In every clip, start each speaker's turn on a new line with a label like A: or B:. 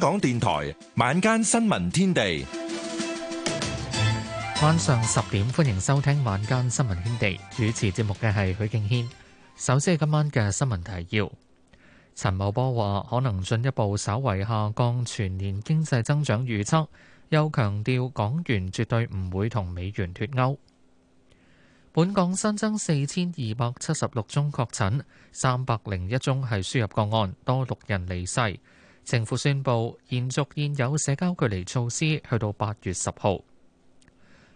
A: 香港電台晚間新聞天地，晚上十點歡迎收聽晚間新聞天地。主持節目嘅係許敬軒，首先係今晚嘅新聞提要。陳茂波話可能進一步稍為下降全年經濟增長預測，又強調港元絕對唔會同美元脫鈎。本港新增四千二百七十六宗確診，三百零一宗係輸入個案，多六人離世。政府宣布延續現有社交距離措施，去到八月十號。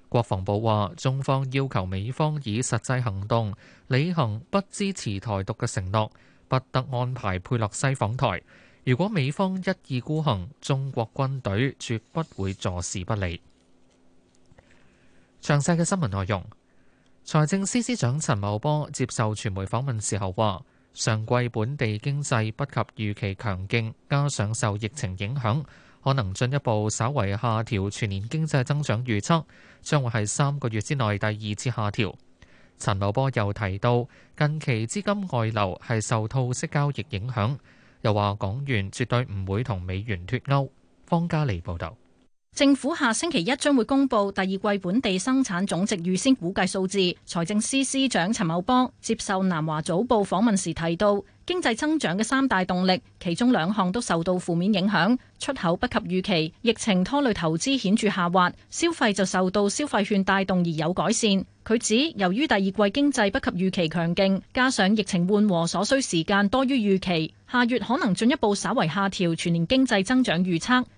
A: 國防部話：中方要求美方以實際行動履行不支持台獨嘅承諾，不得安排佩洛西訪台。如果美方一意孤行，中國軍隊絕不會坐視不理。詳細嘅新聞內容，財政司司長陳茂波接受傳媒訪問時候話。上季本地經濟不及預期強勁，加上受疫情影響，可能進一步稍為下調全年經濟增長預測，將會係三個月之內第二次下調。陳茂波又提到，近期資金外流係受套息交易影響，又話港元絕對唔會同美元脫鈎。方家莉報導。
B: 政府下星期一將會公布第二季本地生產總值預先估計數字。財政司司長陳茂波接受南華早報訪問時提到，經濟增長嘅三大動力，其中兩項都受到負面影響，出口不及預期，疫情拖累投資顯著下滑，消費就受到消費券帶動而有改善。佢指，由於第二季經濟不及預期強勁，加上疫情緩和所需時間多於預期，下月可能進一步稍為下調全年經濟增長預測。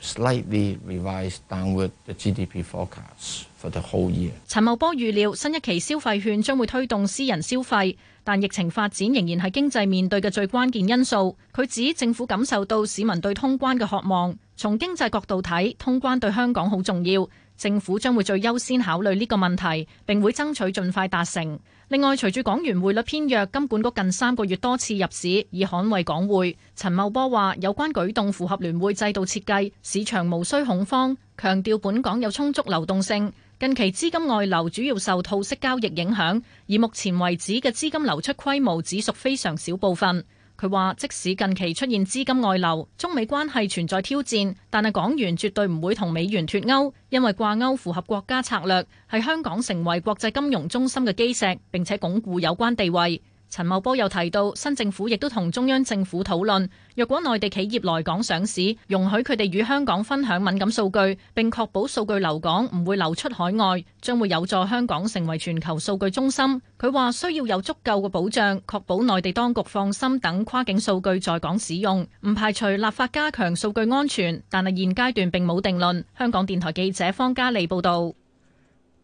C: slightly revise downward the GDP
D: forecast for the whole year。
B: 陳茂波預料新一期消費券將會推動私人消費，但疫情發展仍然係經濟面對嘅最關鍵因素。佢指政府感受到市民對通關嘅渴望，從經濟角度睇，通關對香港好重要。政府將會最優先考慮呢個問題，並會爭取盡快達成。另外，隨住港元匯率偏弱，金管局近三個月多次入市以捍衛港匯。陳茂波話：有關舉動符合聯會制度設計，市場無需恐慌。強調本港有充足流動性，近期資金外流主要受套息交易影響，而目前為止嘅資金流出規模只屬非常少部分。佢話：即使近期出現資金外流、中美關係存在挑戰，但係港元絕對唔會同美元脫鉤，因為掛鉤符合國家策略，係香港成為國際金融中心嘅基石，並且鞏固有關地位。陳茂波又提到，新政府亦都同中央政府討論，若果內地企業來港上市，容許佢哋與香港分享敏感數據，並確保數據留港唔會流出海外，將會有助香港成為全球數據中心。佢話需要有足夠嘅保障，確保內地當局放心等跨境數據在港使用，唔排除立法加強數據安全，但係現階段並冇定論。香港電台記者方嘉莉
A: 報道。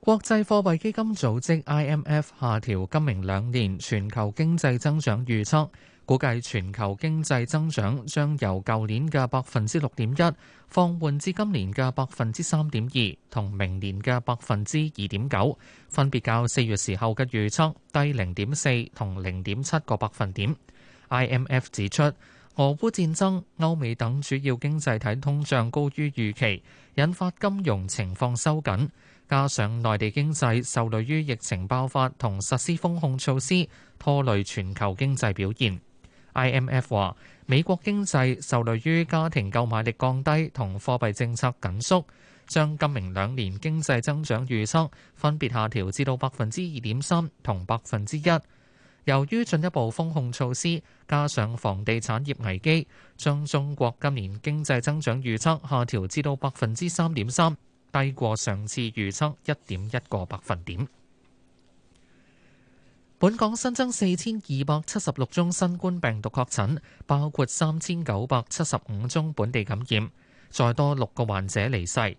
A: 國際貨幣基金組織 （IMF） 下調今明兩年全球經濟增長預測，估計全球經濟增長將由舊年嘅百分之六點一放緩至今年嘅百分之三點二，同明年嘅百分之二點九，分別較四月時候嘅預測低零點四同零點七個百分點。IMF 指出，俄烏戰爭、歐美等主要經濟體通脹高於預期，引發金融情況收緊。加上內地經濟受累於疫情爆發同實施封控措施，拖累全球經濟表現。IMF 話美國經濟受累於家庭購買力降低同貨幣政策緊縮，將今明兩年經濟增長預測分別下調至到百分之二點三同百分之一。由於進一步封控措施，加上房地產業危機，將中國今年經濟增長預測下調至到百分之三點三。低過上次預測一點一個百分點。本港新增四千二百七十六宗新冠病毒確診，包括三千九百七十五宗本地感染，再多六個患者離世。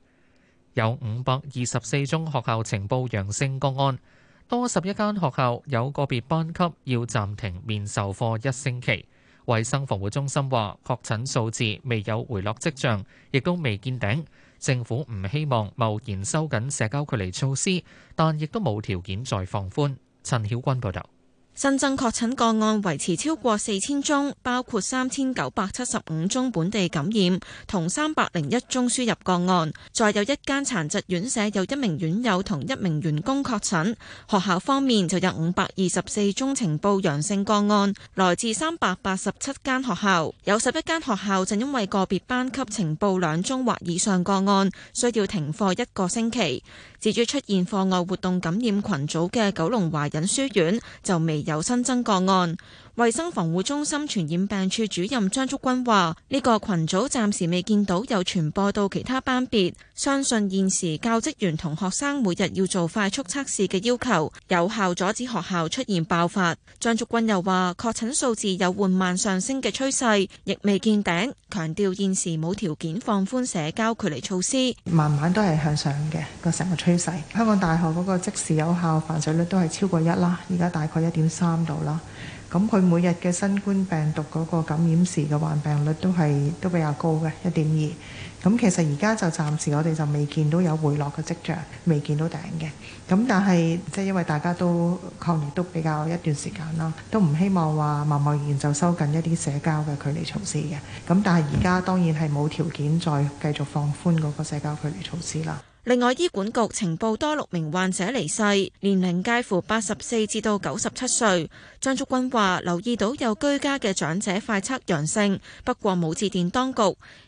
A: 有五百二十四宗學校呈報陽性個案，多十一間學校有個別班級要暫停面授課一星期。衛生防護中心話，確診數字未有回落跡象，亦都未見頂。政府唔希望貿然收緊社交距離措施，但亦都冇條件再放寬。陳曉君報導。
E: 新增確診個案維持超過四千宗，包括三千九百七十五宗本地感染同三百零一宗輸入個案。再有一間殘疾院舍有一名院友同一名員工確診。學校方面就有五百二十四宗情報陽性個案，來自三百八十七間學校，有十一間學校就因為個別班級情報兩宗或以上個案，需要停課一個星期。至於出現課外活動感染群組嘅九龍華仁書院，就未有新增個案。衛生防護中心傳染病處主任張竹君話：呢、這個群組暫時未見到有傳播到其他班別，相信現時教職員同學生每日要做快速測試嘅要求，有效阻止學校出現爆發。張竹君又話：確診數字有緩慢上升嘅趨勢，亦未見頂，強調現時冇條件放寬社交距離措施。
F: 慢慢都係向上嘅
G: 個成個趨勢。香港大學嗰個即時有效繁殖率都係超過一啦，而家大概一點三度啦，咁佢。每日嘅新冠病毒嗰個感染時嘅患病率都係都比較高嘅，一點二。咁其實而家就暫時我哋就未見到有回落嘅跡象，未見到頂嘅。咁但係即係因為大家都抗疫都比較一段時間啦，都唔希望話貿貿然就收緊一啲社交嘅距離措施嘅。咁但係而家當然係冇條件再繼續放寬嗰個社交距離措施啦。
E: 另外，醫管局呈報多六名患者離世，年齡介乎八十四至到九十七歲。張竹君話：留意到有居家嘅長者快測陽性，不過冇致電當局。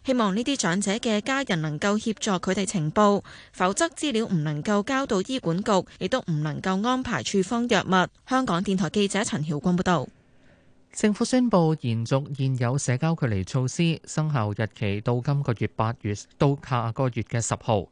E: 希望呢啲長者嘅家人能夠協助佢哋呈報，否則資料唔能夠交到醫管局，亦都唔能夠安排處方藥物。香港電台記
A: 者陳曉君報道。政府宣布延續現有社交距離措施生效日期到今個月八月到下個月嘅十號。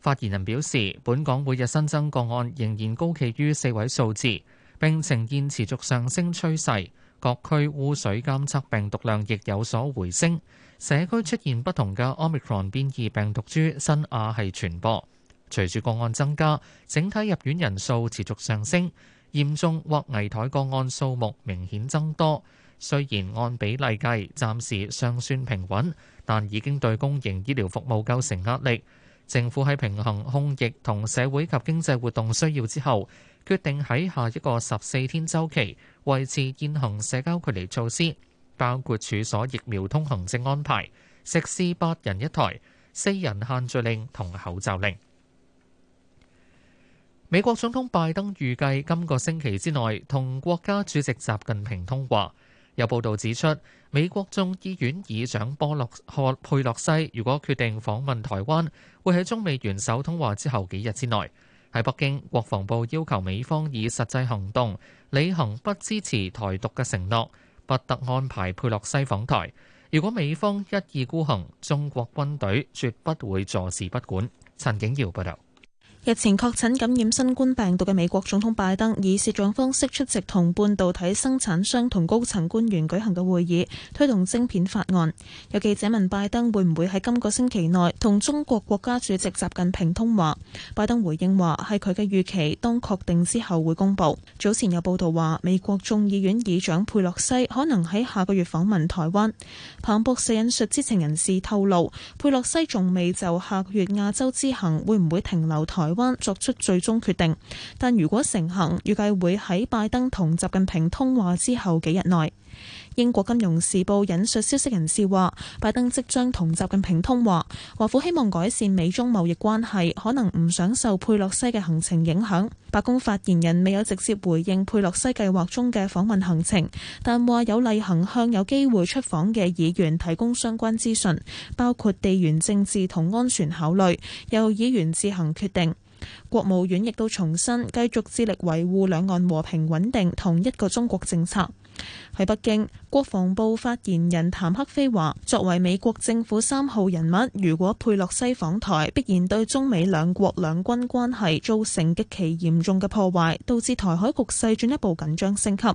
A: 發言人表示，本港每日新增個案仍然高企於四位數字，並呈現持續上升趨勢，各區污水監測病毒量亦有所回升，社區出現不同嘅 Omicron 變異病毒株新亞系傳播。隨住個案增加，整體入院人數持續上升，嚴重或危殆個案數目明顯增多。雖然按比例計暫時尚算平穩，但已經對公營醫療服務構成壓力。政府喺平衡控疫同社會及經濟活動需要之後，決定喺下一個十四天週期維持現行社交距離措施，包括處所疫苗通行證安排、食肆八人一台、四人限聚令同口罩令。美國總統拜登預計今個星期之內同國家主席習近平通話。有報道指出，美國眾議院議長波洛克佩洛西如果決定訪問台灣，會喺中美元首通話之後幾日之內。喺北京，國防部要求美方以實際行動履行不支持台獨嘅承諾，不得安排佩洛西訪台。如果美方一意孤行，中國軍隊絕不會坐視不管。陳景耀報導。
G: 日前確診感染新冠病毒嘅美國總統拜登，以視像方式出席同半導體生產商同高層官員舉行嘅會議，推動晶片法案。有記者問拜登會唔會喺今個星期內同中國國家主席習近平通話，拜登回應話係佢嘅預期，當確定之後會公佈。早前有報道話美國眾議院議長佩洛西可能喺下個月訪問台灣。彭博社引述知情人士透露，佩洛西仲未就下個月亞洲之行會唔會停留台灣。灣作出最終決定，但如果成行，預計會喺拜登同習近平通話之後幾日內。英國金融時報引述消息人士話，拜登即將同習近平通話，華府希望改善美中貿易關係，可能唔想受佩洛西嘅行程影響。白宮發言人未有直接回應佩洛西計劃中嘅訪問行程，但話有例行向有機會出訪嘅議員提供相關資訊，包括地緣政治同安全考慮，由議員自行決定。國務院亦都重申，繼續致力維護兩岸和平穩定，同一個中國政策。喺北京，國防部發言人譚克非話：作為美國政府三號人物，如果佩洛西訪台，必然對中美兩國兩軍關係造成極其嚴重嘅破壞，導致台海局勢進一步緊張升級。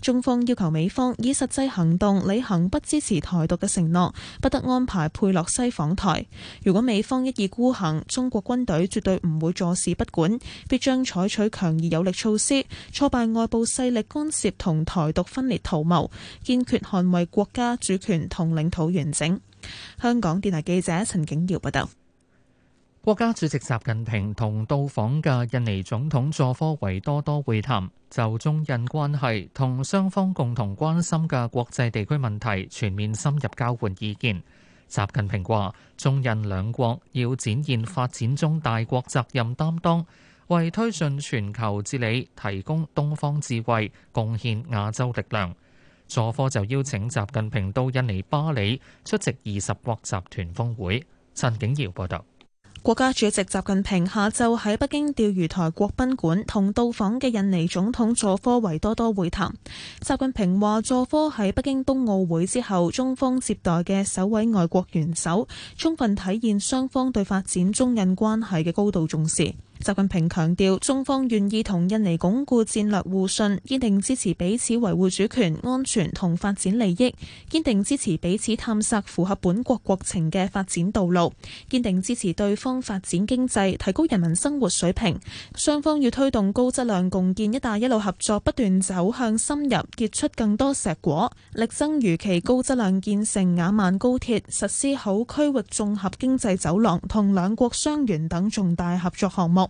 G: 中方要求美方以實際行動履行不支持台獨嘅承諾，不得安排佩洛西訪台。如果美方一意孤行，中國軍隊絕對唔會坐視不管，必將採取強而有力措施挫敗外部勢力干涉同台獨分分裂圖謀，堅決捍衛國家主權同領土完整。香港電台記者陳景耀報道。
A: 國家主席習近平同到訪嘅印尼總統佐科維多多會談，就中印關係同雙方共同關心嘅國際地區問題全面深入交換意見。習近平話：中印兩國要展現發展中大國責任擔當。為推進全球治理，提供東方智慧，貢獻亞洲力量。佐科就邀請習近平到印尼巴里出席二十國集團峰會。陳景耀報道：
G: 「國家主席習近平下晝喺北京釣魚台國賓館同到訪嘅印尼總統佐科維多多會談。習近平話：佐科喺北京冬奧會之後，中方接待嘅首位外國元首，充分體現雙方對發展中印關係嘅高度重視。習近平強調，中方願意同印尼鞏固戰略互信，堅定支持彼此維護主權、安全同發展利益，堅定支持彼此探索符合本國國情嘅發展道路，堅定支持對方發展經濟、提高人民生活水平。雙方要推動高質量共建“一帶一路”合作不斷走向深入，結出更多碩果，力爭如期高質量建成雅萬高鐵，實施好區域綜合經濟走廊同兩國雙園等重大合作項目。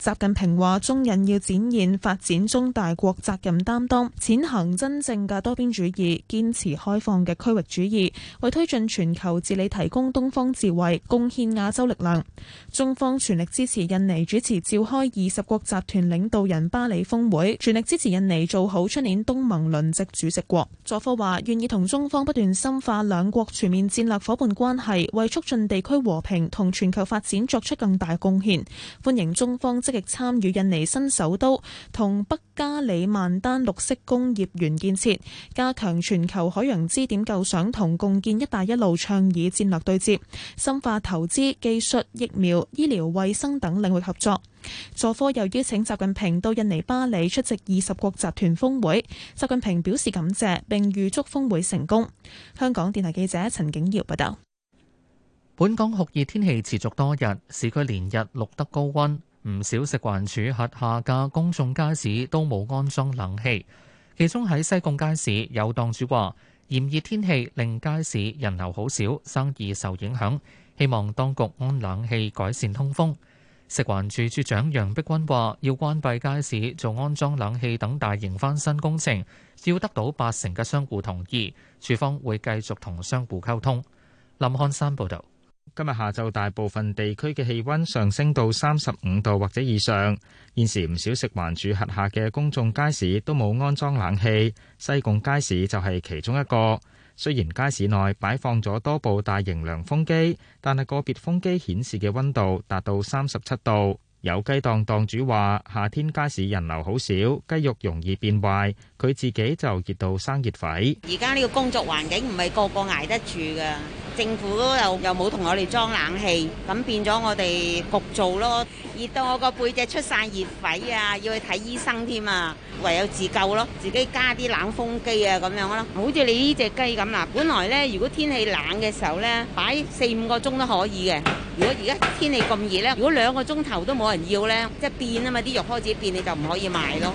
G: 習近平話：中印要展現發展中大國責任擔當，踐行真正嘅多邊主義，堅持開放嘅區域主義，為推進全球治理提供東方智慧，貢獻亞洲力量。中方全力支持印尼主持召開二十國集團領導人巴厘峰會，全力支持印尼做好出年東盟輪值主席國。佐科話：願意同中方不斷深化兩國全面戰略伙伴關係，為促進地區和平同全球發展作出更大貢獻。歡迎中方。積極參與印尼新首都同北加里曼丹綠色工業園建設，加強全球海洋支點構想同共建“一帶一路”倡議戰略對接，深化投資、技術、疫苗、醫療衛生等領域合作。佐科又邀請習近平到印尼巴里出席二十國集團峰會，習近平表示感謝，並預祝峰會成功。香港電台記者陳景瑤報道。
A: 本港酷熱天氣持續多日，市區連日錄得高温。唔少食環署轄下嘅公眾街市都冇安裝冷氣，其中喺西貢街市有檔主話：炎熱天氣令街市人流好少，生意受影響，希望當局安冷氣改善通風。食環署署長楊碧君話：要關閉街市做安裝冷氣等大型翻新工程，要得到八成嘅商戶同意，署方會繼續同商戶溝通。林漢山報導。今日下晝，大部分地區嘅氣溫上升到三十五度
F: 或者以上。現時唔少食環署轄下嘅公眾街市都冇安裝冷氣，西貢街市就係其中一個，雖然街市內擺放咗多部大型涼風機，但係個別風機顯示嘅溫度達到三十七度。有雞檔檔主話夏天街市人流好少，雞肉容易變壞。佢自己就熱到生熱痱。而
E: 家呢個工作環境唔係個個捱得住噶，政府又又冇同我哋裝冷氣，咁變咗我哋焗做咯。熱到我個背脊出晒熱痱啊，要去睇醫生添啊，唯有自救咯，自己加啲冷風機啊咁樣咯。好似你呢隻雞咁啦，本來呢，如果天氣冷嘅時候呢，擺四五個鐘都可以嘅。如果而家天氣咁熱呢，如果兩個鐘頭都冇人要呢，即係變啊嘛，啲肉開始變你就唔可以賣咯。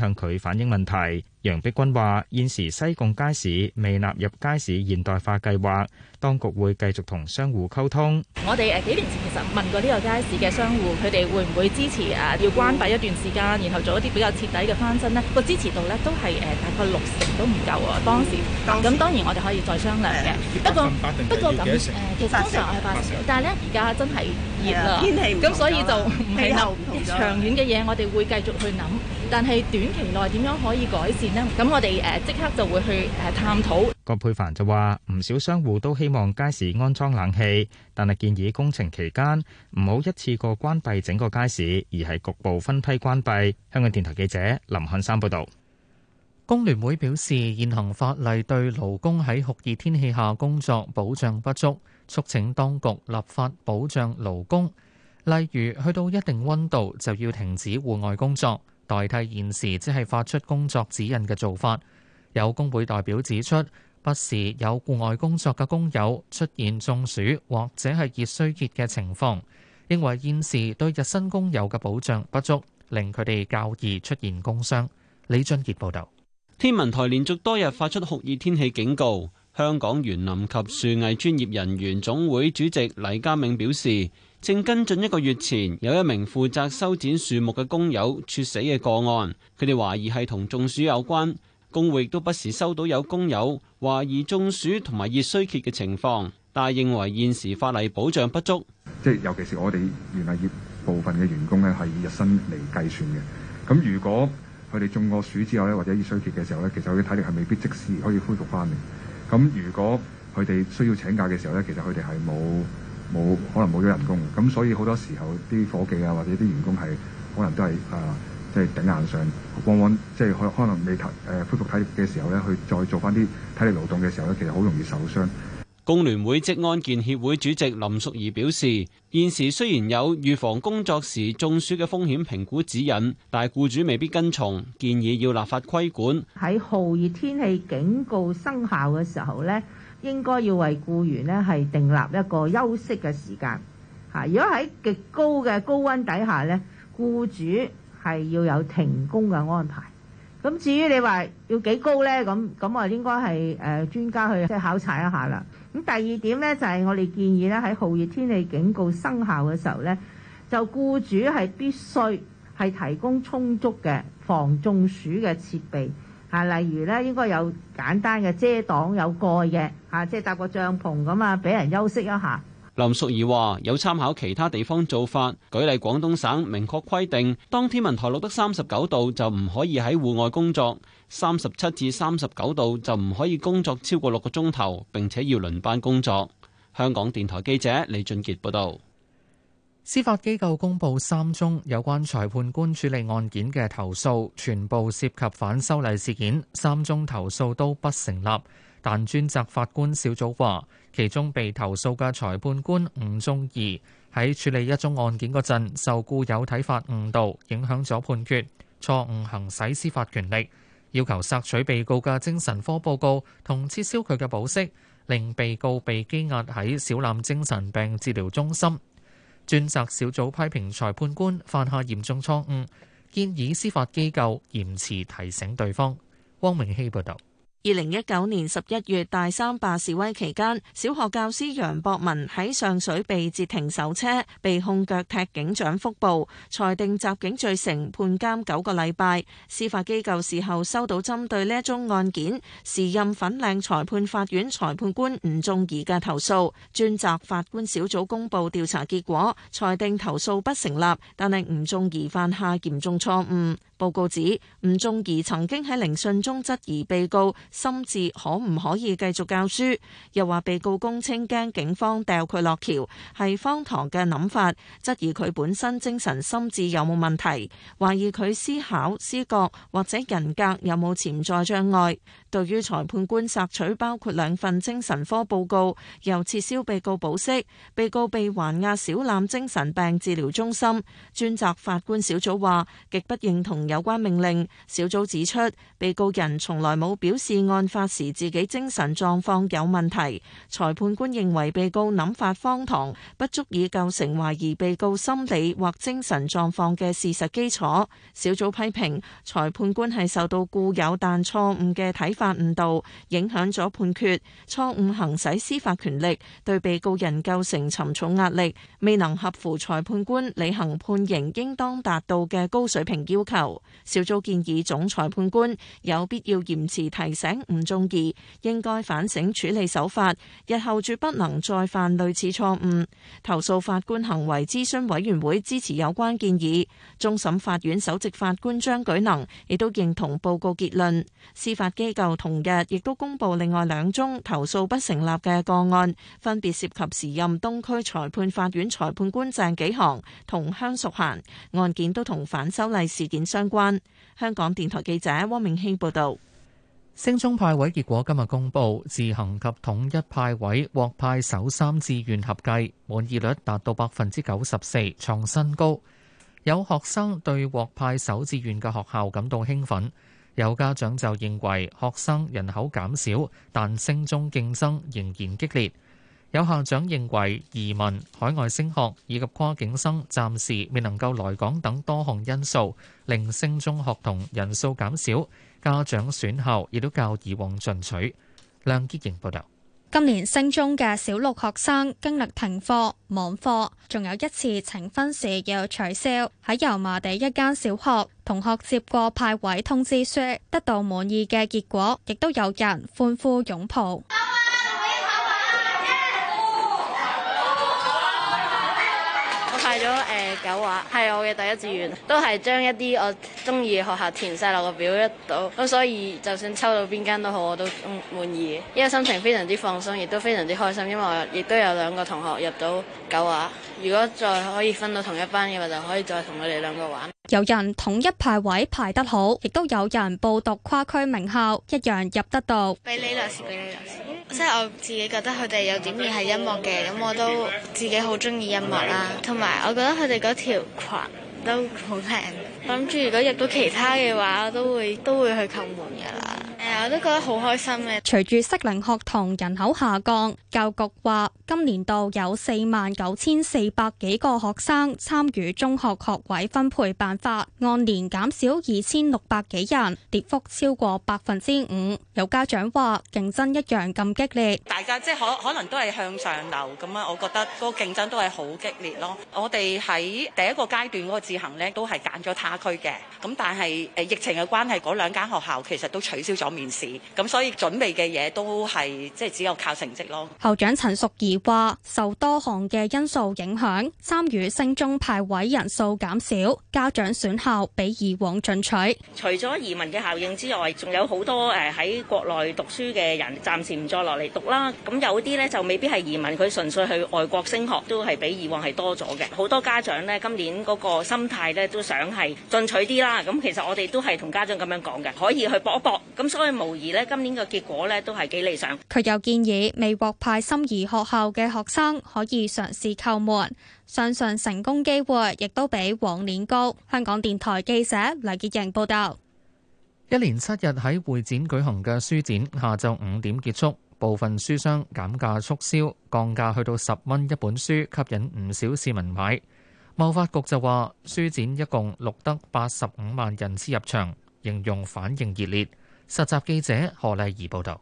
F: 向佢反映問題。楊碧君話：現時西貢街市未納入街市現代化計劃，當局會繼續同商戶溝通。
B: 我哋誒幾年前其實問過呢個街市嘅商戶，佢哋會唔會支持誒、啊、要關閉一段時間，然後做一啲比較徹底嘅翻新呢？呢個支持度咧都係誒、呃、大概六成都唔夠啊。當時咁，當時啊、當然我哋可以再商量嘅。不過不過咁誒，其實通常係八成，八成但係咧而家真係熱啦，天氣咁，所以就唔係留長遠嘅嘢，我哋會繼續去諗。但係短期內點樣可以改善？咁我哋誒即刻就會去誒探討。
F: 葛佩帆就話：唔少商戶都希望街市安裝冷氣，但係建議工程期間唔好一次過關閉整個街市，而係
A: 局部分批關閉。香港電台記者林漢山報道。工聯會表示，現行法例對勞工喺酷熱天氣下工作保障不足，促請當局立法保障勞工，例如去到一定溫度就要停止戶外工作。代替現時即係發出工作指引嘅做法，有工會代表指出，不時有戶外工作嘅工友出現中暑或者係熱衰竭嘅情況，認為現時對日薪工友嘅保障不足，令佢哋較易出現工傷。李俊傑報道。
D: 天文台連續多日發出酷熱天氣警告，香港園林及樹藝專業人員總會主席黎家銘表示，正跟進一個月前有一名負責修剪樹木嘅工友猝死嘅個案，佢哋懷疑係同中暑有關。工會亦都不時收到有工友懷疑中暑同埋熱衰竭嘅情況，但係認為現時法例保障不足。
C: 即係尤其是我哋園林業部分嘅員工咧，係以日薪嚟計算嘅。咁如果佢哋中過暑之後咧，或者熱衰竭嘅時候咧，其實佢體力係未必即時可以恢復翻嚟。咁如果佢哋需要請假嘅時候咧，其實佢哋係冇。冇可能冇咗人工，咁所以好多時候啲伙計啊，或者啲員工係可能都係啊，即係頂硬上，往往即係可可能未誒恢復體力嘅時候咧，去再做翻啲體力勞動嘅時候咧，其實好容易受傷。
D: 工聯會職安健協會主席林淑儀表示，現時雖然有預防工作時中暑嘅風險評估指引，但係僱主未必跟從，建議要立法規管。
H: 喺酷熱天氣警告生效嘅時候咧。應該要為雇員咧係訂立一個休息嘅時間，嚇！如果喺極高嘅高溫底下咧，雇主係要有停工嘅安排。咁至於你話要幾高咧，咁咁啊應該係誒專家去即係考察一下啦。咁第二點咧就係我哋建議咧，喺酷熱天氣警告生效嘅時候咧，就雇主係必須係提供充足嘅防中暑嘅設備。嚇，例如咧應該有簡單嘅遮擋有蓋嘅嚇、啊，即係搭個帳篷咁啊，俾人休息一下。
D: 林淑儀話：有參考其他地方做法，舉例廣東省明確規定，當天文台錄得三十九度就唔可以喺戶外工作，三十七至三十九度就唔可以工作超過六個鐘頭，並且要輪班工作。香港電台記者李俊傑報道。
A: 司法機構公布三宗有關裁判官處理案件嘅投訴，全部涉及反修例事件。三宗投訴都不成立，但專責法官小組話，其中被投訴嘅裁判官吳宗儀喺處理一宗案件嗰陣，受固有睇法誤導，影響咗判決，錯誤行使司法權力，要求索取被告嘅精神科報告同撤銷佢嘅保釋，令被告被羈押喺小欖精神病治療中心。專責小組批評裁判官犯下嚴重錯誤，建議司法機構嚴詞提醒對方。汪明希報導。
H: 二零一九年十一月大三罷示威期間，小學教師楊博文喺上水被截停手車，被控腳踢警長腹部，裁定襲警罪成，判監九個禮拜。司法機構事後收到針對呢一宗案件，時任粉嶺裁判法院裁判官吳仲儀嘅投訴，專責法官小組公布調查結果，裁定投訴不成立，但係吳仲儀犯下嚴重錯誤。報告指，吳仲儀曾經喺聆訊中質疑被告心智可唔可以繼續教書，又話被告供稱驚警方掉佢落橋係荒唐嘅諗法，質疑佢本身精神心智有冇問題，懷疑佢思考思覺或者人格有冇潛在障礙。對於裁判官索取包括兩份精神科報告，又撤銷被告保釋，被告被還押小欖精神病治療中心，專責法官小組話極不認同有關命令。小組指出，被告人從來冇表示案發時自己精神狀況有問題。裁判官認為被告諗法荒唐，不足以構成懷疑被告心理或精神狀況嘅事實基礎。小組批評裁判官係受到固有但錯誤嘅睇法。法誤導，影響咗判決，錯誤行使司法權力，對被告人構成沉重壓力，未能合乎裁判官履行判刑應，應當達到嘅高水平要求。小組建議總裁判官有必要嚴辭提醒吳仲義，應該反省處理手法，日後絕不能再犯類似錯誤。投訴法官行為諮詢委員會支持有關建議，終審法院首席法官張舉能亦都認同報告結論，司法機構。同日亦都公布另外兩宗投訴不成立嘅個案，分別涉及時任東區裁判法院裁判官鄭紀行同香淑嫻，案件都同反修例事件相關。香港電台記者汪明興報導。
A: 升中派位結果今日公布，自行及統一派位獲派首三志願合計滿意率達到百分之九十四，創新高。有學生對獲派首志願嘅學校感到興奮。有家長就認為學生人口減少，但升中競爭仍然激烈。有校長認為移民、海外升學以及跨境生暫時未能夠來港等多項因素，令升中學童人數減少，家長選校亦都較以往進取。梁潔瑩報道。
I: 今年升中嘅小六學生經歷停課、網課，仲有一次呈分試要取消。喺油麻地一間小學，同學接過派位通知書，得到滿意嘅結果，亦都有人歡呼擁抱。
E: 咗誒、呃、九華係我嘅第一志願，都係將一啲我中意嘅學校填晒落個表一度，咁所以就算抽到邊間都好，我都滿意嘅，因為心情非常之放鬆，亦都非常之開心，因為我亦都有兩個同學入到九華，如果再可以分到同一班嘅話，就可以再同佢哋兩個玩。
I: 有人統一派位排得好，亦都有人報讀跨區名校一樣入得到。
E: 俾你兩次，俾你兩次。嗯、即係我自己覺得佢哋有點似係音樂嘅，咁我都自己好中意音樂啦。同埋我覺得佢哋嗰條裙都好靚。我諗住如果入到其他嘅話，我都會都會去叩門㗎啦。我都覺
J: 得好開心嘅。
I: 隨住適齡學童人口下降，教育局話今年度有四萬九千四百幾個學生參與中學學位分配辦法，按年減少二千六百幾人，跌幅超過百分之五。有家長話競爭一樣咁激烈，
H: 大家即係可可能都係向上流咁啊！我覺得個競爭都係好激烈咯。我哋喺第一個階段嗰個自行呢，都係揀咗他區嘅，咁但係疫情嘅關係，嗰兩間學校其實都取消咗面件事咁，所以準備嘅嘢都係即係只有靠成績咯。
I: 校長陳淑儀話：受多項嘅因素影響，參與升中派位人數減少，家長選校比以往進取。
E: 除咗移民嘅效應之外，仲有好多誒喺國內讀書嘅人暫時唔再落嚟讀啦。咁有啲呢，就未必係移民，佢純粹去外國升學，都係比以往係多咗嘅。好多家長呢，今年嗰個心態呢，都想係進取啲啦。咁其實我哋都係同家長咁樣講嘅，可以去搏一搏。咁所以。無疑咧，今年嘅結果咧都係幾理想。
I: 佢又建議未獲派心儀學校嘅學生可以嘗試叩門，相信成功機會亦都比往年高。香港電台記者黎潔瑩報道，
A: 一連七日喺會展舉行嘅書展下晝五點結束，部分書商減價促銷，降價去到十蚊一本書，吸引唔少市民買。貿發局就話，書展一共錄得八十五萬人次入場，形容反應熱烈。實習記者何麗儀報道：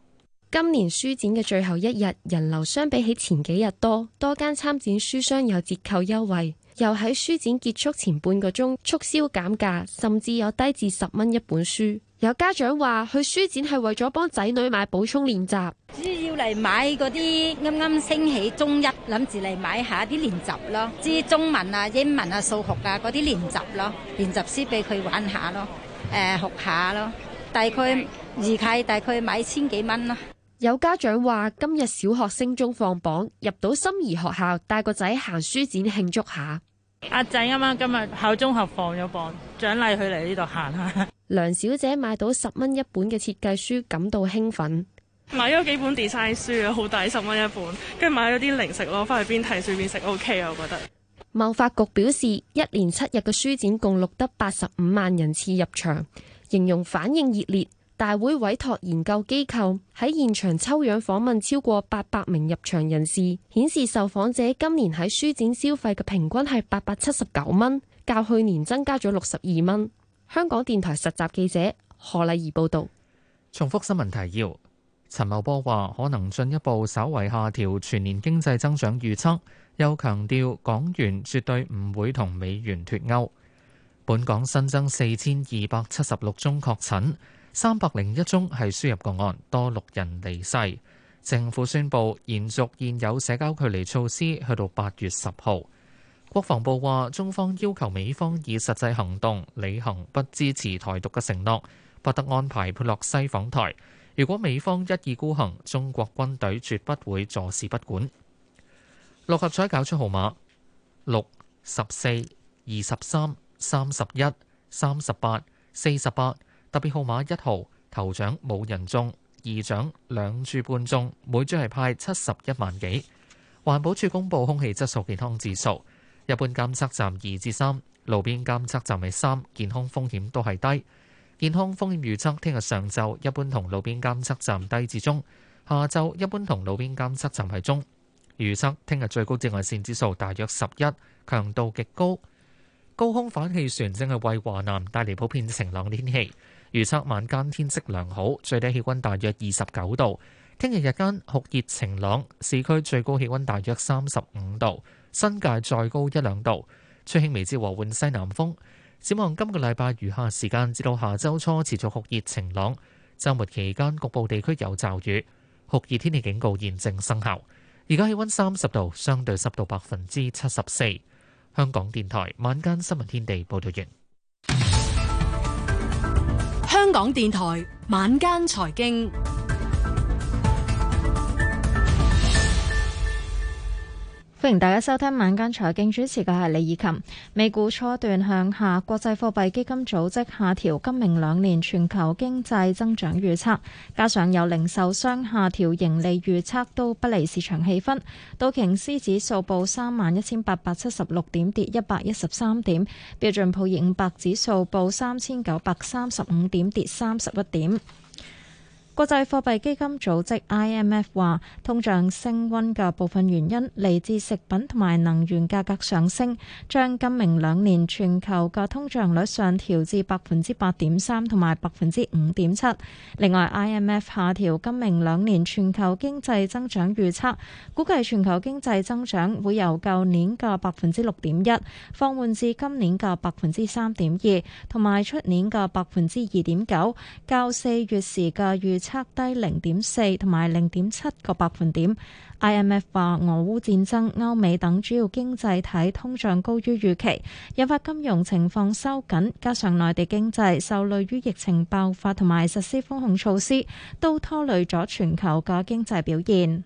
K: 今年書展嘅最後一日人流相比起前幾日多，多間參展書商有折扣優惠，又喺書展結束前半個鐘促銷減價，甚至有低至十蚊一本書。有家長話去書展係為咗幫仔女買補充練習，
L: 主要嚟買嗰啲啱啱升起中一，諗住嚟買一下啲練習咯，啲中文啊、英文啊、數學啊嗰啲練習咯，練習書俾佢玩下咯，誒、呃、學下咯。大概而家，大概買千幾蚊啦。
K: 有家長話，今日小學升中放榜，入到心儀學校，帶個仔行書展慶祝下。
L: 阿仔啱啱，今日考中學放咗榜，
G: 獎勵佢嚟呢度行下。
K: 梁小姐買到十蚊一本嘅設計書，感到興奮。買咗
G: 幾本 design 書啊，好抵，十蚊一本，跟住買咗啲零食咯，翻去邊睇書邊食。O K 啊，我覺得。
K: 貿發局表示，一連七日嘅書展共錄得八十五萬人次入場。形容反應熱烈，大會委託研究機構喺現場抽樣訪問超過八百名入場人士，顯示受訪者今年喺書展消費嘅平均係八百七十九蚊，較去年增加咗六十二蚊。香港電台實習記者何麗儀報道。
A: 重複新聞提要：陳茂波話可能進一步稍為下調全年經濟增長預測，又強調港元絕對唔會同美元脫鉤。本港新增四千二百七十六宗確診，三百零一宗係輸入個案，多六人離世。政府宣布延續現有社交距離措施，去到八月十號。國防部話中方要求美方以實際行動履行不支持台獨嘅承諾，不得安排佩洛西訪台。如果美方一意孤行，中國軍隊絕不會坐視不管。六合彩搞出號碼六十四二十三。6, 14, 三十一、三十八、四十八，特別號碼一號，頭獎冇人中，二獎兩注半中，每注係派七十一萬幾。環保署公布空氣質素健康指數，一般監測站二至三，3, 路邊監測站係三，健康風險都係低。健康風險預測聽日上晝一般同路邊監測站低至中，下晝一般同路邊監測站係中。預測聽日最高紫外線指數大約十一，強度極高。高空反氣旋正係為華南帶嚟普遍晴朗天氣，預測晚間天色良好，最低氣溫大約二十九度。聽日日間酷熱晴朗，市區最高氣溫大約三十五度，新界再高一兩度。吹輕微至和緩西南風。展望今個禮拜餘下時間至到下周初持續酷熱晴朗，周末期間局部地區有驟雨。酷熱天氣警告現正生效。而家氣溫三十度，相對濕度百分之七十四。香港電台晚間新聞天地報道完。
B: 香港電台晚間財經。
L: 歡迎大家收聽晚間財經主持嘅係李以琴。美股初段向下，國際貨幣基金組織下調今明兩年全球經濟增長預測，加上有零售商下調盈利預測，都不利市場氣氛。道瓊斯指數報三萬一千八百七十六點，跌一百一十三點；標準普爾五百指數報三千九百三十五點，跌三十一點。國際貨幣基金組織 （IMF） 話，通脹升温嘅部分原因嚟自食品同埋能源價格上升，將今明兩年全球嘅通脹率上調至百分之八點三同埋百分之五點七。另外，IMF 下調今明兩年全球經濟增長預測，估計全球經濟增長會由舊年嘅百分之六點一放緩至今年嘅百分之三點二，同埋出年嘅百分之二點九，較四月時嘅預測。測低零點四同埋零點七個百分點，IMF 話俄烏戰爭、歐美等主要經濟體通脹高於預期，引發金融情況收緊，加上內地經濟受累於疫情爆發同埋實施封控措施，都拖累咗全球嘅經濟表現。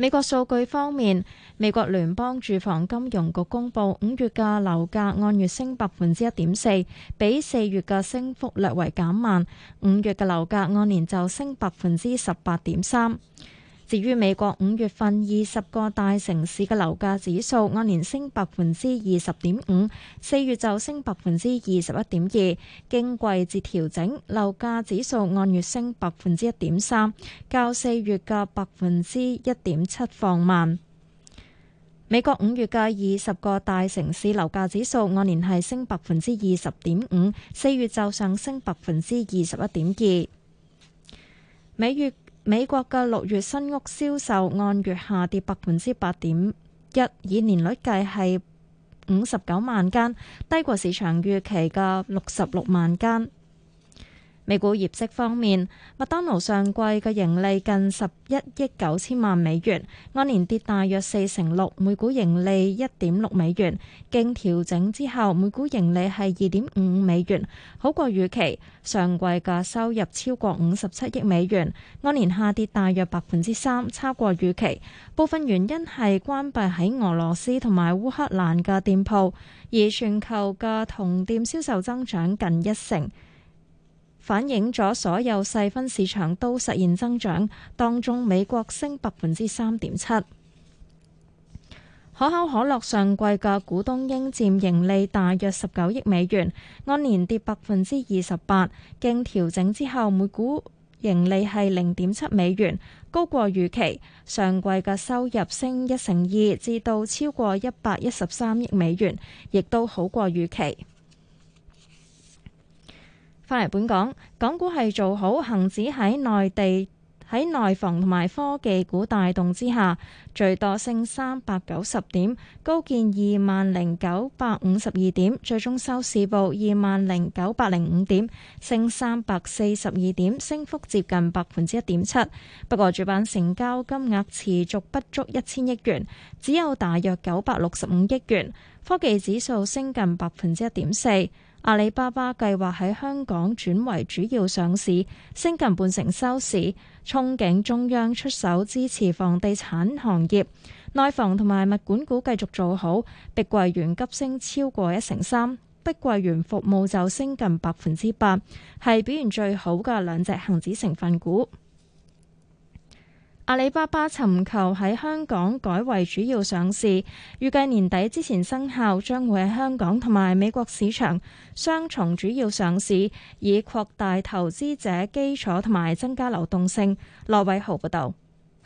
L: 美國數據方面，美國聯邦住房金融局公布五月嘅樓價按月升百分之一點四，比四月嘅升幅略為減慢。五月嘅樓價按年就升百分之十八點三。至於美國五月份二十個大城市嘅樓價指數按年升百分之二十點五，四月就升百分之二十一點二。經季節調整樓價指數按月升百分之一點三，較四月嘅百分之一點七放慢。美國五月嘅二十個大城市樓價指數按年係升百分之二十點五，四月就上升百分之二十一點二，美。月。美國嘅六月新屋銷售按月下跌百分之八點一，以年率計係五十九萬間，低過市場預期嘅六十六萬間。美股業績方面，麥當勞上季嘅盈利近十一億九千萬美元，按年跌大約四成六，每股盈利一點六美元，經調整之後每股盈利係二點五五美元，好過預期。上季嘅收入超過五十七億美元，按年下跌大約百分之三，超過預期。部分原因係關閉喺俄羅斯同埋烏克蘭嘅店鋪，而全球嘅同店銷售增長近一成。反映咗所有細分市場都實現增長，當中美國升百分之三點七。可口可樂上季嘅股東應佔盈利大約十九億美元，按年跌百分之二十八，經調整之後每股盈利係零點七美元，高過預期。上季嘅收入升一成二，至到超過一百一十三億美元，亦都好過預期。返嚟本港，港股係做好，恒指喺內地喺內房同埋科技股帶動之下，最多升三百九十點，高見二萬零九百五十二點，最終收市報二萬零九百零五點，升三百四十二點，升幅接近百分之一點七。不過主板成交金額持續不足一千億元，只有大約九百六十五億元。科技指數升近百分之一點四。阿里巴巴計劃喺香港轉為主要上市，升近半成收市，憧憬中央出手支持房地產行業。內房同埋物管股繼續做好，碧桂園急升超過一成三，碧桂園服務就升近百分之八，係表現最好嘅兩隻恒指成分股。阿里巴巴尋求喺香港改為主要上市，預計年底之前生效，將會喺香港同埋美國市場雙重主要上市，以擴大投資者基礎同埋增加流動性。羅偉豪報道。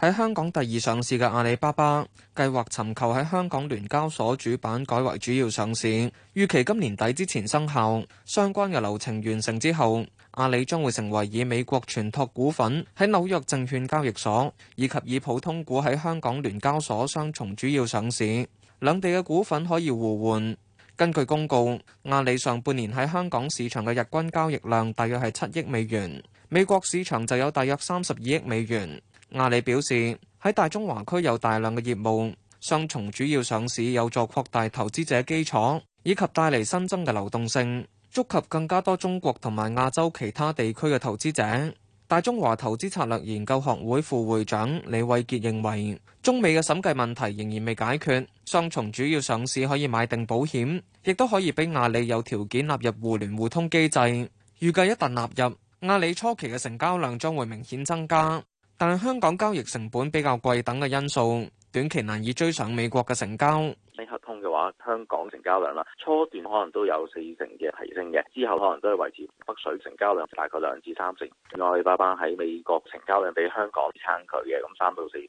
C: 喺香港第二上市嘅阿里巴巴計劃尋求喺香港聯交所主板改為主要上市，預期今年底之前生效，相關嘅流程完成之後。阿里將會成為以美國存託股份喺紐約證券交易所，以及以普通股喺香港聯交所雙重主要上市，兩地嘅股份可以互換。根據公告，阿里上半年喺香港市場嘅日均交易量大約係七億美元，美國市場就有大約三十二億美元。阿里表示喺大中華區有大量嘅業務，雙重主要上市有助擴大投資者基礎，以及帶嚟新增嘅流動性。觸及更加多中國同埋亞洲其他地區嘅投資者，大中華投資策略研究學會副會長李偉傑認為，中美嘅審計問題仍然未解決，雙重主要上市可以買定保險，亦都可以俾阿里有條件納入互聯互通機制。預計一旦納入，阿里初期嘅成交量將會明顯增加，但香港交易成本比較貴等嘅因素，短期難以追上美國嘅成交。香港成交量啦，初段可能都有四成嘅提升嘅，之後可能都係維持北水成交量大概兩至三成。阿里巴巴喺美國成交量比香港撐佢嘅，咁三到四倍。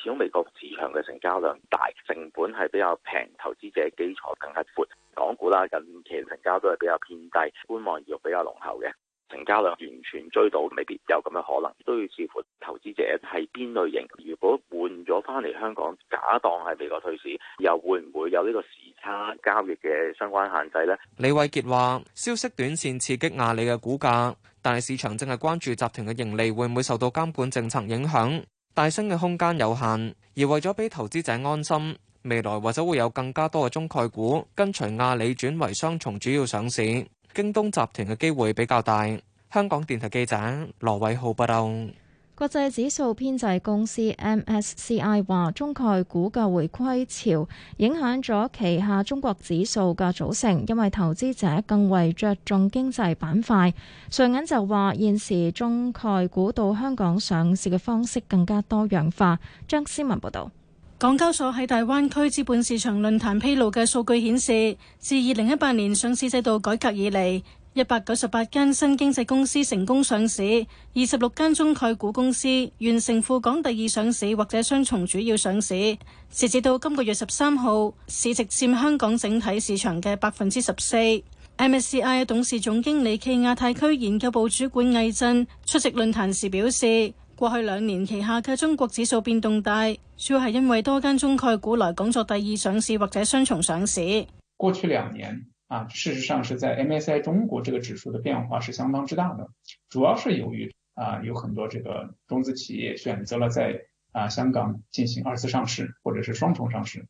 C: 始終美國市場嘅成交量大，成本係比較平，投資者基礎更加闊。港股啦，近期成交都係比較偏低，觀望意欲比較濃厚嘅。成交量完全追到，未必有咁嘅可能，都要視乎投資者係邊類型。如果換咗翻嚟香港，假當係美國退市，又會唔會有呢個時差交易嘅相關限制咧？李偉杰話，消息短線刺激阿里嘅股價，但係市場正係關注集團嘅盈利會唔會受到監管政策影響，大升嘅空間有限。而為咗俾投資者安心，未來或者會有更加多嘅中概股跟隨阿里轉為雙重主要上市。京東集團嘅機會比較大。香港電台記者羅偉浩報道，
L: 國際指數編製公司 MSCI 話，中概股嘅回歸潮影響咗旗下中國指數嘅組成，因為投資者更為着重經濟板塊。瑞銀就話，現時中概股到香港上市嘅方式更加多樣化。張思文報道。
J: 港交所喺大灣區資本市場論壇披露嘅數據顯示，自二零一八年上市制度改革以嚟，一百九十八間新經濟公司成功上市，二十六間中概股公司完成赴港第二上市或者雙重主要上市。截至到今個月十三號，市值佔香港整體市場嘅百分之十四。MSCI 董事總經理暨亞太區研究部主管魏振出席論壇時表示。過去兩年旗下嘅中國指數變動大，主要係因為多間中概股來港作第二上市或者雙重上市。過去兩
D: 年啊，事實上是在 MSCI 中國這個指數的變化是相當之大的，主要是由於啊有很多這個中資企業選擇了在啊香港進行二次上市或者是雙重上市。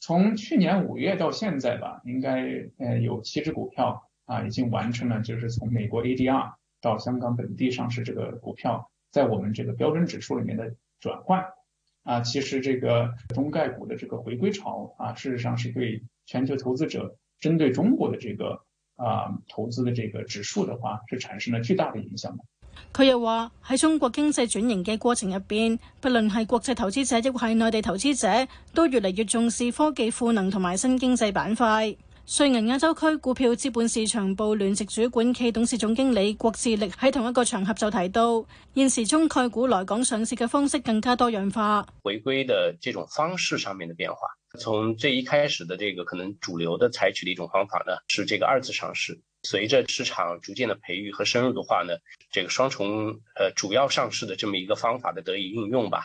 D: 從去年五月到現在吧，應該誒、呃、有七隻股票啊已經完成了，就是從美國 ADR 到香港本地上市，這個股票。在我們這個標準指數裏面的轉換，啊，其實這個中概股的這個回歸潮，啊，事實上是對全球投資者針對中國的這個啊投資的這個指數的話，是產生了巨大的影響的。
J: 佢又話，喺中國經濟轉型嘅過程入邊，不論係國際投資者亦或係內地投資者，都越嚟越重視科技賦能同埋新經濟板塊。瑞銀亞洲區股票資本市場部聯席主管暨董事總經理郭志力喺同一個場合就提到，現時中概股來港上市嘅方式更加多樣化。
D: 回歸的這種方式上面的變化，從最一開始的這個可能主流的採取的一種方法呢，是這個二次上市。隨着市場逐漸的培育和深入的話呢，這個雙重呃主要上市的這麼一個方法的得以應用吧。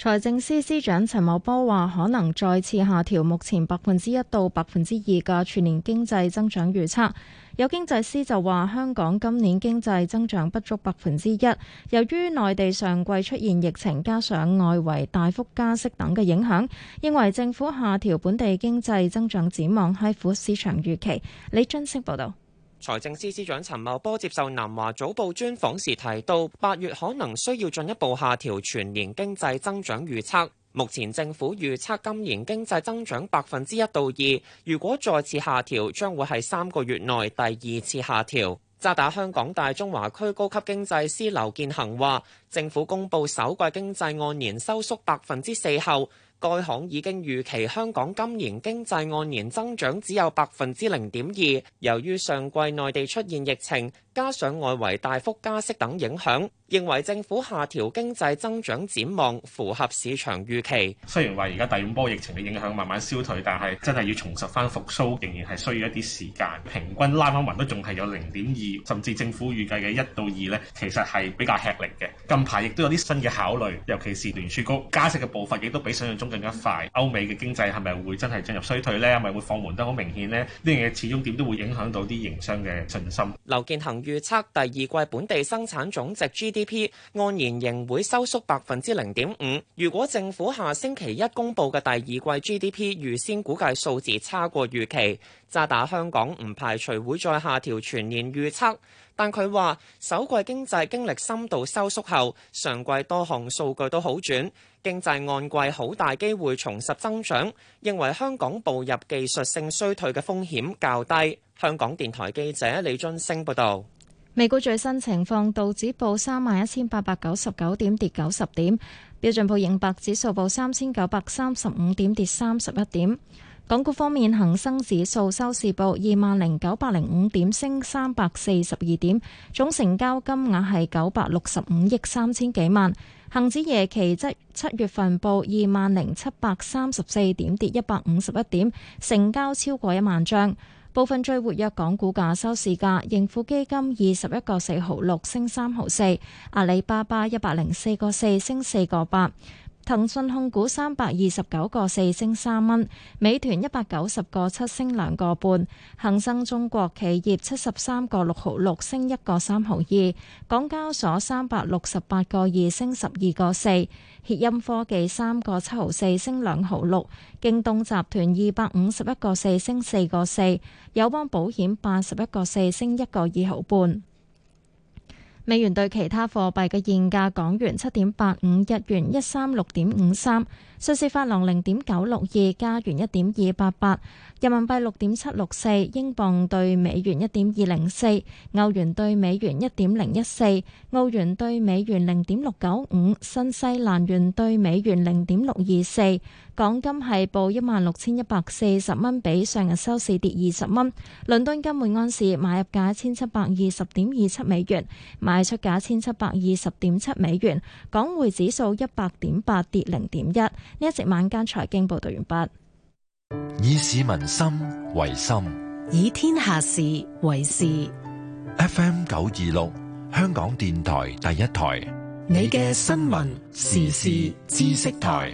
L: 財政司司長陳茂波話：可能再次下調目前百分之一到百分之二嘅全年經濟增長預測。有經濟師就話：香港今年經濟增長不足百分之一，由於內地上季出現疫情，加上外圍大幅加息等嘅影響，認為政府下調本地經濟增長展望，係符合市場預期。李津息報道。
M: 財政司司長陳茂波接受南華早報專訪時提到，八月可能需要進一步下調全年經濟增長預測。目前政府預測今年經濟增長百分之一到二，如果再次下調，將會係三個月內第二次下調。渣打香港大中華區高級經濟師劉建恒話，政府公布首季經濟按年收縮百分之四後，該行已經預期香港今年經濟按年增長只有百分之零點二，由於上季內地出現疫情，加上外圍大幅加息等影響，認為政府下調經濟增長展望符合市場預期。雖然話而家第五波疫情嘅影響慢慢消退，但係真係要重拾翻復蘇，仍然係需要一啲時間。平均拉翻勻都仲係有零點二，甚至政府預計嘅一到二咧，其實係比較吃力嘅。近排亦都有啲新嘅考慮，尤其是聯儲局加息嘅步伐亦都比想象中更加快。歐美嘅經濟係咪會真係進入衰退咧？係咪會放緩得好明顯咧？呢樣嘢始終點都會影響到啲營商嘅信心。劉建恒。預測第二季本地生產總值 GDP 按年仍會收縮百分之零點五。如果政府下星期一公佈嘅第二季 GDP 預先估計數字差過預期，渣打香港唔排除會再下調全年預測。但佢話，首季經濟經歷深度收縮後，上季多項數據都好轉，經濟按季好大機會重拾增長。認為香港步入技術性衰退嘅風險較低。香港電台記者李津升報導。
L: 美股最新情況，道指報三萬一千八百九十九點，跌九十點；標準普爾五百指數報三千九百三十五點，跌三十一點。港股方面，恒生指數收市報二萬零九百零五點，升三百四十二點，總成交金額係九百六十五億三千幾萬。恒指夜期即七月份報二萬零七百三十四點，跌一百五十一點，成交超過一萬張。部分最活躍港股價、收市價，盈富基金二十一個四毫六升三毫四，阿里巴巴一百零四個四升四個八。騰訊控股三百二十九個四升三蚊，美團一百九十個七升兩個半，恒生中國企業七十三個六毫六升一個三毫二，港交所三百六十八個二升十二個四，協鑫科技三個七毫四升兩毫六，京東集團二百五十一個四升四個四，友邦保險八十一個四升一個二毫半。美元對其他貨幣嘅現價：港元七點八五，日元一三六點五三，瑞士法郎零點九六二，加元一點二八八，人民幣六點七六四，英鎊對美元一點二零四，歐元對美元一點零一四，澳元對美元零點六九五，新西蘭元對美元零點六二四。港金係報一萬六千一百四十蚊，比上日收市跌二十蚊。倫敦金每安士買入價一千七百二十點二七美元，買。賣出價一千七百二十點七美元。港匯指數一百點八跌零點一。呢一節晚間財經報道完畢。
K: 以市民心為心，以天下事為事。FM 九二六，香港電台第一台，
A: 你
F: 嘅新聞時事知識台。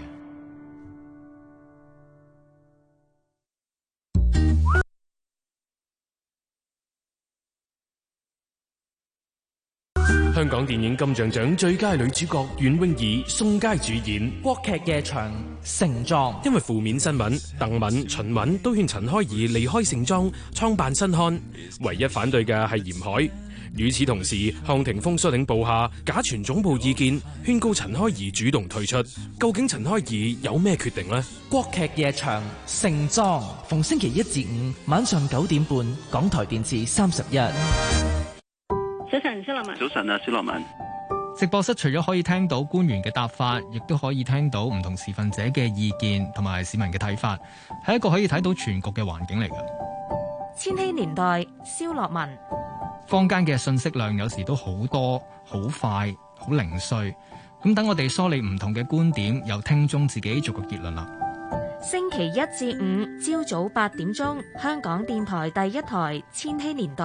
C: 香港電影金像獎最佳女主角袁詠儀、宋佳主演。國劇夜場盛裝，因為負面新聞，鄧敏、秦敏都勸陳開怡離開盛裝，創辦新刊。唯一反對嘅係嚴海。與此同時，向霆鋒率領部下假傳總部意見，勸告陳開怡主動退出。究竟陳開怡有咩決定呢？國劇夜
A: 場盛裝，逢星期一至五晚上九點半，港台電視三十一。
D: 早晨，肖樂文。早晨啊，肖樂文。
A: 直播室除咗可
C: 以聽到官員嘅答法，亦都可以聽到唔同持份者嘅意見同埋市民嘅睇法，係一個可以睇到全局嘅環境嚟嘅。
E: 千禧年代，肖樂
C: 文。坊間嘅信息量有時都好多、好快、好零碎。咁等我哋梳理唔同嘅觀點，由聽眾自己做個結論啦。
L: 星期一至五朝早八點鐘，香港電台第一台《千禧年代》。